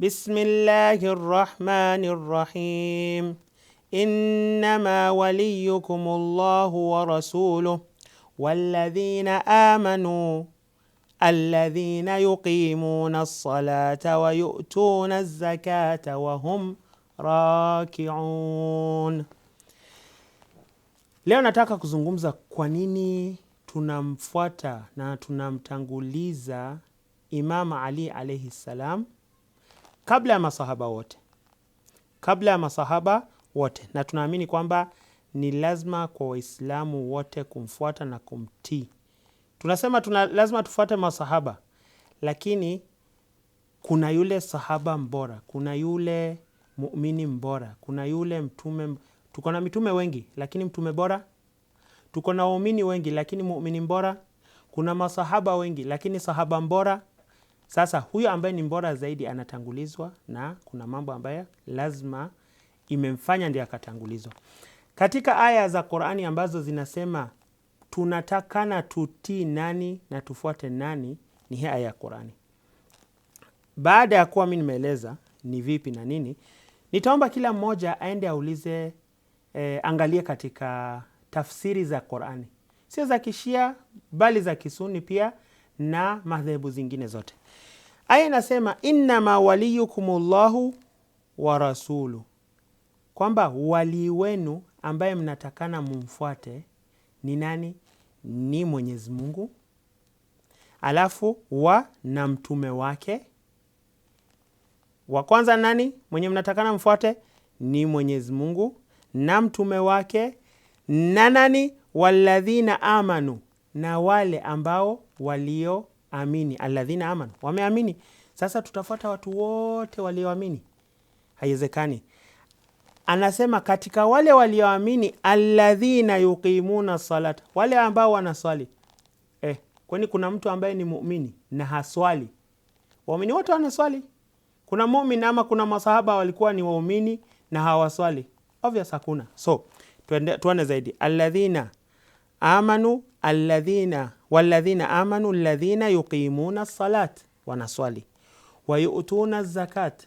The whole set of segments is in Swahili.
بسم الله الرحمن الرحيم إنما وليكم الله ورسوله والذين آمنوا الذين يقيمون الصلاة ويؤتون الزكاة وهم rakiun. Leo nataka kuzungumza kwa nini tunamfuata na tunamtanguliza Imam Ali alaihi ssalam kabla ya masahaba wote, kabla ya masahaba wote, na tunaamini kwamba ni lazima kwa Waislamu wote kumfuata na kumtii. Tunasema tuna lazima tufuate masahaba, lakini kuna yule sahaba mbora, kuna yule muumini mbora, kuna yule mtume. Tuko na mitume wengi, lakini mtume bora. Tuko na waumini wengi, lakini muumini mbora. Kuna masahaba wengi, lakini sahaba mbora. Sasa huyo ambaye ni mbora zaidi anatangulizwa na kuna mambo ambayo lazima imemfanya ndiye akatangulizwa. Katika aya za Qur'ani ambazo zinasema tunatakana tutii nani na tufuate nani, ni hii aya ya Qur'ani. Baada ya kuwa mimi nimeeleza ni vipi na nini, nitaomba kila mmoja aende aulize, eh, angalie katika tafsiri za Qur'ani, sio za Kishia bali za Kisuni pia na madhehebu zingine zote. Aya inasema innama waliyukumullahu wa rasulu, kwamba walii wenu ambaye mnatakana mumfuate ni nani? Ni Mwenyezi Mungu, alafu wa na mtume wake. Wa kwanza nani mwenye mnatakana mfuate? Ni Mwenyezi Mungu na mtume wake na nani? Walladhina amanu na wale ambao walioamini, alladhina amanu, wameamini. Sasa tutafuata watu wote walioamini? Haiwezekani. Anasema katika wale walioamini, alladhina yuqimuna salata, wale ambao wanaswali. Eh, kwani kuna mtu ambaye ni mumini na haswali? Waumini wote wanaswali. Kuna muumini ama kuna masahaba walikuwa ni waumini na hawaswali? Obvious, hakuna. So tuende, tuone zaidi alladhina amanu alladhina walladhina amanu alladhina yuqimuna salat, wanaswali wayutuna zakat.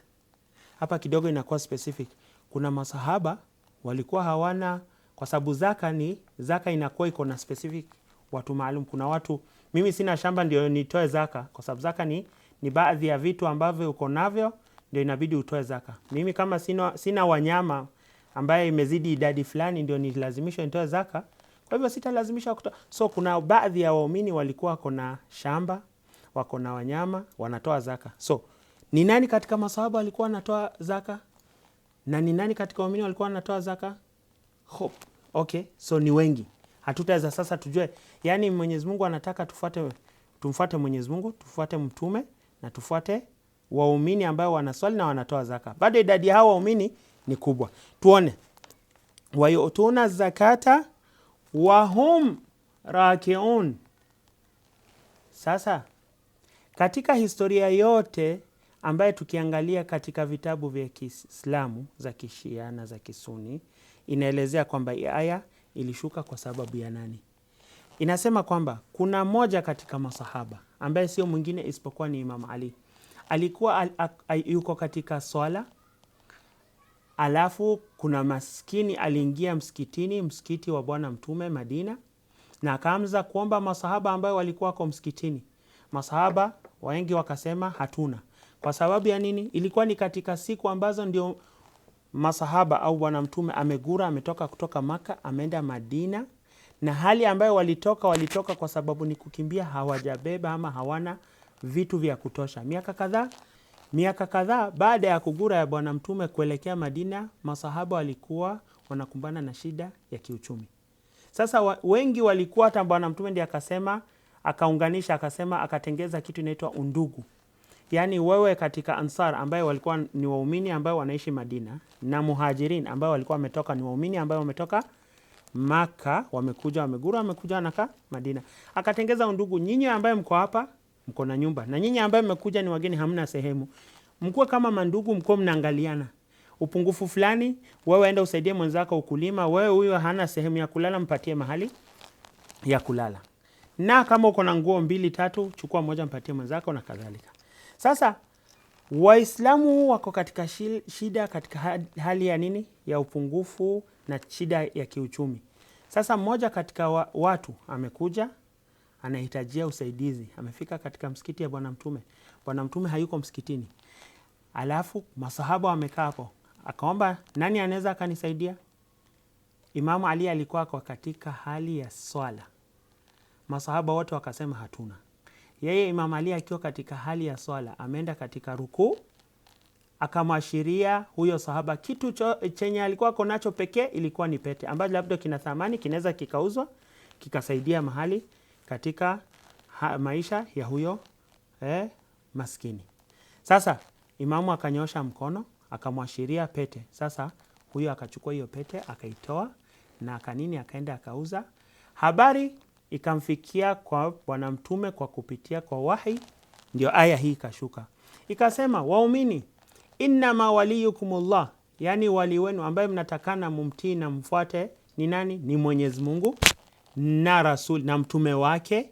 Hapa kidogo inakuwa specific. Kuna masahaba walikuwa hawana, kwa sababu zaka ni zaka inakuwa iko na specific watu maalum. Kuna watu, mimi sina shamba ndio nitoe zaka, kwa sababu zaka ni, ni baadhi ya vitu ambavyo uko navyo ndio inabidi utoe zaka. Mimi kama sina, sina wanyama ambaye imezidi idadi fulani ndio nilazimishwa nitoe zaka. Kwa hivyo sitalazimisha kuto... So kuna baadhi ya waumini walikuwa wako na shamba, wako na wanyama, wanatoa zaka. So ni nani katika masahaba walikuwa wanatoa zaka na ni nani katika waumini walikuwa wanatoa zaka? Hope. Okay, so ni wengi, hatutaweza sasa tujue. Yani Mwenyezi Mungu anataka tufuate, tumfuate Mwenyezi Mungu, tufuate mtume na tufuate waumini ambao wanaswali na wanatoa zaka. Bado idadi ya hao waumini ni kubwa. Tuone wayutuna zakata wahum rakiun. Sasa katika historia yote ambayo tukiangalia katika vitabu vya Kiislamu za Kishia na za Kisuni inaelezea kwamba aya ilishuka kwa sababu ya nani? Inasema kwamba kuna mmoja katika masahaba ambaye sio mwingine isipokuwa ni Imam Ali, alikuwa al yuko katika swala Alafu kuna maskini aliingia msikitini, msikiti wa Bwana Mtume Madina, na akaanza kuomba masahaba ambayo walikuwa wako msikitini. Masahaba wengi wakasema hatuna. Kwa sababu ya nini? Ilikuwa ni katika siku ambazo ndio masahaba au Bwana Mtume amegura, ametoka kutoka Maka ameenda Madina, na hali ambayo walitoka walitoka kwa sababu ni kukimbia, hawajabeba ama hawana vitu vya kutosha. Miaka kadhaa Miaka kadhaa baada ya kugura ya Bwana Mtume kuelekea Madina, masahaba walikuwa wanakumbana na shida ya kiuchumi. Sasa wengi walikuwa hata Bwana Mtume ndiye akasema, akaunganisha, akasema, akatengeza kitu inaitwa undugu, yaani wewe katika Ansar ambaye walikuwa ni waumini ambayo wanaishi Madina na Muhajirin ambayo walikuwa wametoka ni waumini ambayo wametoka Maka, wamekuja wamegura, wamekuja wanaka Madina, akatengeza undugu, nyinyi ambaye mko hapa mko na nyumba, na nyinyi ambaye mmekuja ni wageni, hamna sehemu, mkuwe kama mandugu, mkuwe mnaangaliana upungufu fulani, wewe enda usaidie mwenzako ukulima, wewe huyo hana sehemu ya kulala, mpatie mahali ya kulala, na kama uko na nguo mbili tatu, chukua moja mpatie mwenzako na kadhalika. Sasa Waislamu wako katika shida, katika hali ya nini, ya upungufu na shida ya kiuchumi. Sasa mmoja katika wa, watu amekuja anahitajia usaidizi, amefika katika msikiti ya Bwana Mtume, Bwana Mtume hayuko msikitini, alafu masahaba wamekaa hapo, akaomba nani anaweza akanisaidia? Imamu Ali alikuwa kwa katika hali ya swala, masahaba wote wakasema hatuna. Yeye Imamu Ali akiwa katika hali ya swala ameenda katika rukuu, akamwashiria huyo sahaba kitu cho, chenye alikuwa nacho pekee ilikuwa ni pete ambacho labda kina thamani, kinaweza kikauzwa kikasaidia mahali katika ha, maisha ya huyo eh, maskini. Sasa imamu akanyosha mkono akamwashiria pete. Sasa huyo akachukua hiyo pete akaitoa na kanini, akaenda akauza. Habari ikamfikia kwa Bwana Mtume kwa kupitia kwa wahi, ndio aya hii ikashuka, ikasema: waumini, innama waliyukumullah, yani wali wenu ambaye mnatakana mumtii na mfuate ni nani? Ni Mwenyezi Mungu na rasul na mtume wake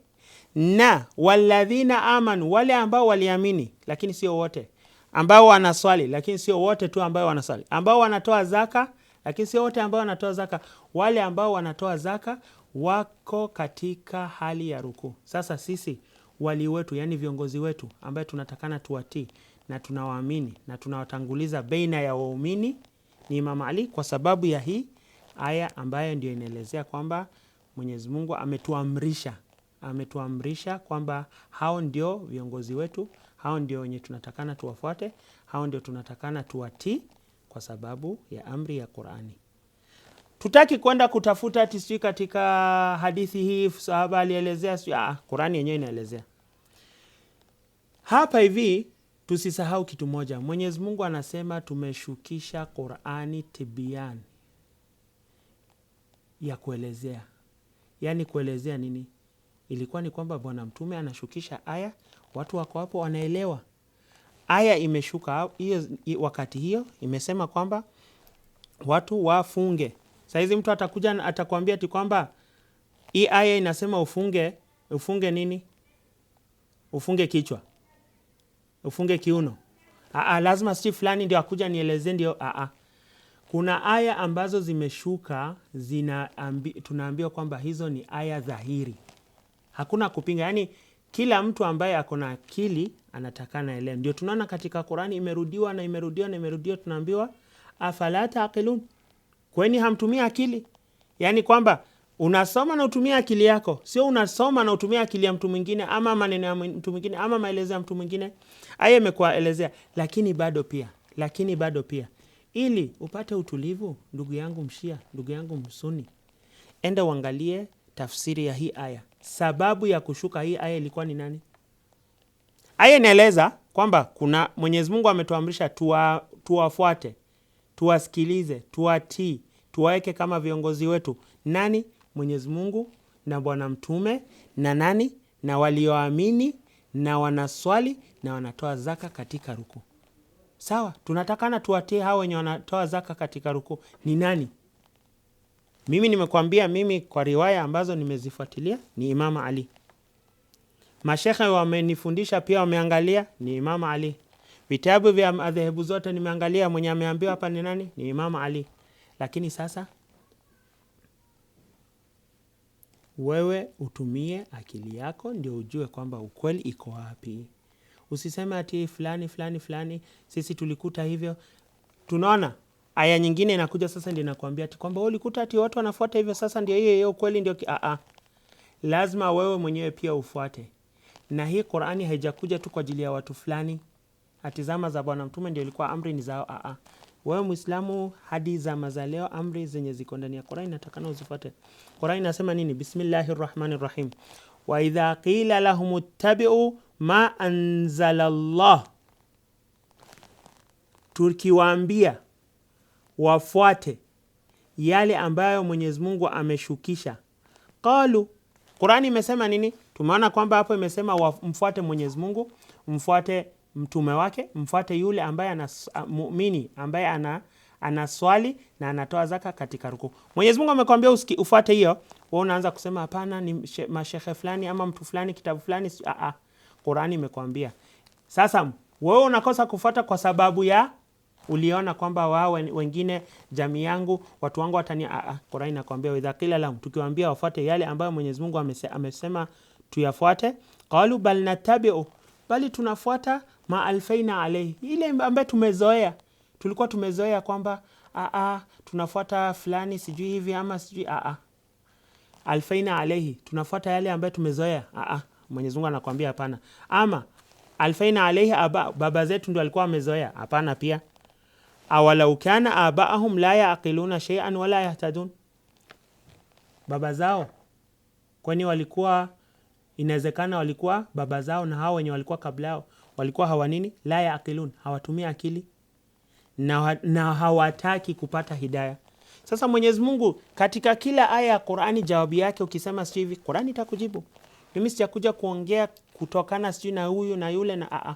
na waladhina amanu, wale ambao waliamini, lakini sio wote, ambao wanaswali, lakini sio wote tu ambao wanaswali, ambao wanatoa zaka, lakini sio wote ambao wanatoa zaka. Wale ambao wanatoa zaka wako katika hali ya rukuu. Sasa sisi wali wetu, yani viongozi wetu, ambaye tunatakana tuwatii na tunawaamini na tunawatanguliza beina ya waumini ni Imam Ali, kwa sababu ya hii aya ambayo ndio inaelezea kwamba Mwenyezi Mungu ametuamrisha, ametuamrisha kwamba hao ndio viongozi wetu, hao ndio wenye tunatakana tuwafuate, hao ndio tunatakana tuwatii kwa sababu ya amri ya Qur'ani. Tutaki kwenda kutafuta tiswi katika hadithi hii, sahaba alielezea, si ah, Qur'ani yenyewe inaelezea. Hapa hivi tusisahau kitu moja. Mwenyezi Mungu anasema tumeshukisha Qur'ani tibian ya kuelezea yani kuelezea nini? Ilikuwa ni kwamba bwana mtume anashukisha aya, watu wako hapo wanaelewa. Aya imeshuka hiyo wakati hiyo imesema kwamba watu wafunge. saizi mtu atakuja atakwambia ti kwamba hii aya inasema ufunge, ufunge nini? Ufunge kichwa, ufunge kiuno. Aa, lazima si fulani ndio akuja nielezee ndio. Aa, kuna aya ambazo zimeshuka ambi, tunaambiwa kwamba hizo ni aya dhahiri, hakuna kupinga. Yaani kila mtu ambaye ako na akili anatakana elewe. Ndio tunaona katika Qurani imerudiwa na imerudiwa na imerudiwa, tunaambiwa afala taqilun, kweni hamtumia akili. Yaani kwamba unasoma na utumia akili yako, sio unasoma na utumia akili ya mtu mwingine ama maneno ya mtu mwingine ama maelezo ya mtu mwingine. Aya imekuwa elezea, lakini bado pia, lakini bado pia ili upate utulivu, ndugu yangu mshia, ndugu yangu msuni, enda uangalie tafsiri ya hii aya. Sababu ya kushuka hii aya ilikuwa ni nani? Aya inaeleza kwamba kuna Mwenyezi Mungu ametuamrisha tuwafuate, tuwasikilize, tuwatii, tuwaweke kama viongozi wetu. Nani? Mwenyezi Mungu na Bwana Mtume na nani? Na walioamini na wanaswali na wanatoa zaka katika ruku sawa, tunatakana tuwatie hawa wenye wanatoa zaka katika rukuu ni nani? Mimi nimekwambia, mimi kwa riwaya ambazo nimezifuatilia ni Imama Ali. Mashekhe wamenifundisha pia wameangalia, ni Imama Ali. Vitabu vya madhehebu zote nimeangalia, mwenye ameambiwa hapa ni nani? Ni Imama Ali. Lakini sasa wewe utumie akili yako ndio ujue kwamba ukweli iko wapi. Usiseme ati fulani fulani fulani, sisi tulikuta hivyo. Tunaona aya nyingine inakuja sasa, ndio inakuambia ati kwamba ulikuta ati watu wanafuata hivyo, sasa ndio hiyo hiyo kweli ndio. A a, lazima wewe mwenyewe pia ufuate. Na hii Qur'ani haijakuja tu kwa ajili ya watu fulani, ati zama za Bwana Mtume ndio ilikuwa amri ni zao. A a, wewe Muislamu, hadi zama za leo amri zenye ziko ndani ya Qur'ani natakana uzifuate. Qur'ani inasema nini? Bismillahir Rahmanir Rahim, wa idha qila lahum ittabi'u ma llah, tukiwaambia wafuate yale ambayo Mwenyezi Mungu ameshukisha. Qalu, Qurani imesema nini? Tumeona kwamba hapo imesema mfuate Mwenyezi Mungu, mfuate mtume wake, mfuate yule ambaye ana muumini ambaye ana anaswali na anatoa zaka katika ruku Mwenyezi Mungu amekwambia ufuate hiyo, wewe unaanza kusema hapana, ni mashehe fulani ama mtu fulani, kitabu fulani. Qurani imekwambia. Sasa wewe unakosa kufuata kwa sababu ya uliona kwamba wao wengine, jamii yangu, watu wangu watani. Qurani inakwambia idha qila lahum, tukiwaambia wafuate yale ambayo Mwenyezi Mungu amesema tuyafuate, qalu bal natabiu, bali tunafuata ma alfaina alayhi, ile ambayo tumezoea. Tulikuwa tumezoea kwamba aa, tunafuata fulani sijui hivi ama sijui aa, alfaina alayhi, tunafuata yale ambayo tumezoea aa. Mwenyezi Mungu anakuambia hapana. Ama alfaina alaihi aba, baba zetu ndio alikuwa amezoea? Hapana pia. Awalau kana abaahum la yaqiluna shay'an wala yahtadun, baba zao kwani walikuwa inawezekana walikuwa baba zao na hao wenye walikuwa kabla yao walikuwa hawa nini? La yaqilun, hawatumia akili na, na hawataki kupata hidaya. Sasa Mwenyezi Mungu katika kila aya ya Qur'ani jawabu yake, ukisema sivi, Qur'ani itakujibu. Mimi sijakuja kuongea kutokana sijui na huyu na yule na aa.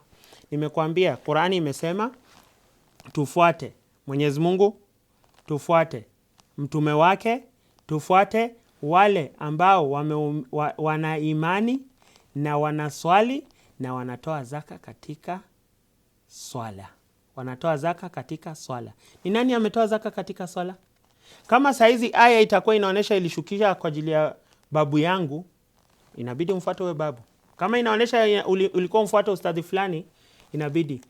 nimekwambia Qur'ani imesema tufuate Mwenyezi Mungu, tufuate mtume wake, tufuate wale ambao wame, wa, wana imani na wanaswali na wanatoa zaka katika swala. Wanatoa zaka katika swala. Ni nani ametoa zaka katika swala? Kama saizi aya itakuwa inaonyesha ilishukisha kwa ajili ya babu yangu inabidi umfuate we babu. Kama inaonyesha ulikuwa umfuate ustadhi fulani, inabidi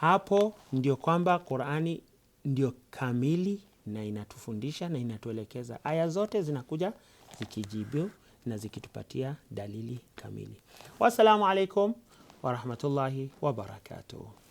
hapo. Ndio kwamba Qurani ndio kamili na inatufundisha na inatuelekeza. Aya zote zinakuja zikijibu na zikitupatia dalili kamili. Wassalamu alaikum warahmatullahi wabarakatuh.